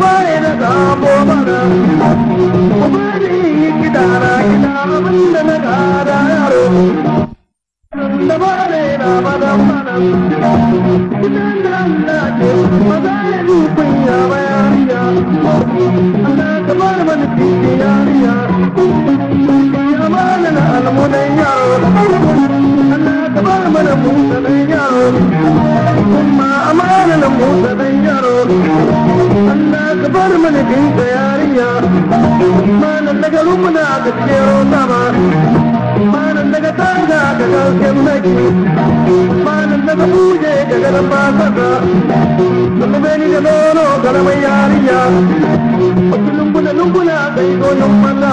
bane na gamo mana ubani gidana gida abinda na gada yaro da bane na bada mana idan da Allah ke ya ji kunya bayaniya Allah ka bar mana kai da yarinya malam daga rumuna ga jero sama malam daga tanga ga kalken naki buje ga garan basaka kuma da nono karamai yarinya wasu lunguna lunguna ga idonin malla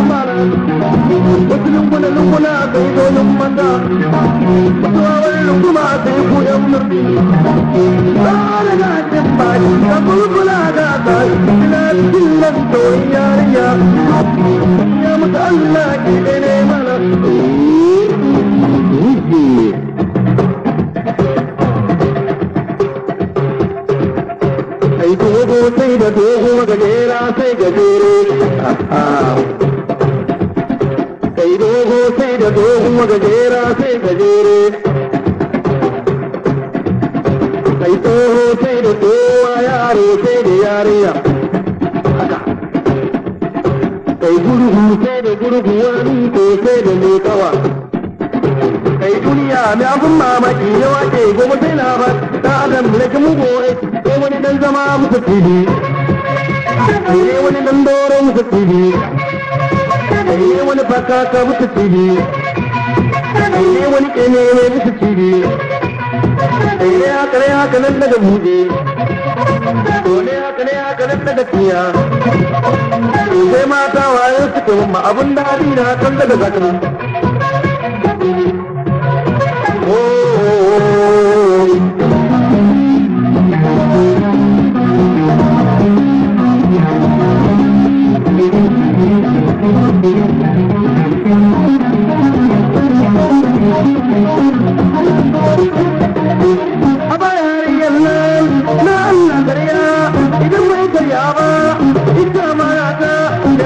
mara wasu lunguna lunguna aka yi dolin manda wasu wani lunguma aka yi koyon murni tsara na cin baki ka kulkula da ka ina cikin lantoyin yariya ya mutu Allah ke ɗane mana Ai dogo sai da dogo gajera sai gajere. kuma gajera sai gajere kai tsoho sai da tsowa yaro kai ko kawa kai duniya mai mamaki sai adam ko wani dan zama muku ne wani dan doro muku tibi ne wani baka ka muku ne wani kene ne bisa cire ne haka ne haka nan daga buɗe to ne haka ne haka nan daga tiya to sai ta wayo suke mamma abun daɗi na kan daga zaka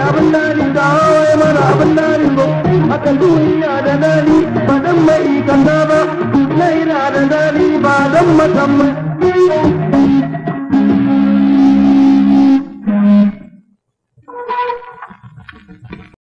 abin nari Wai hawaye mana abin nari ba akan duniya da nari ba dan mai kanda ba laira da nari ba dan matamai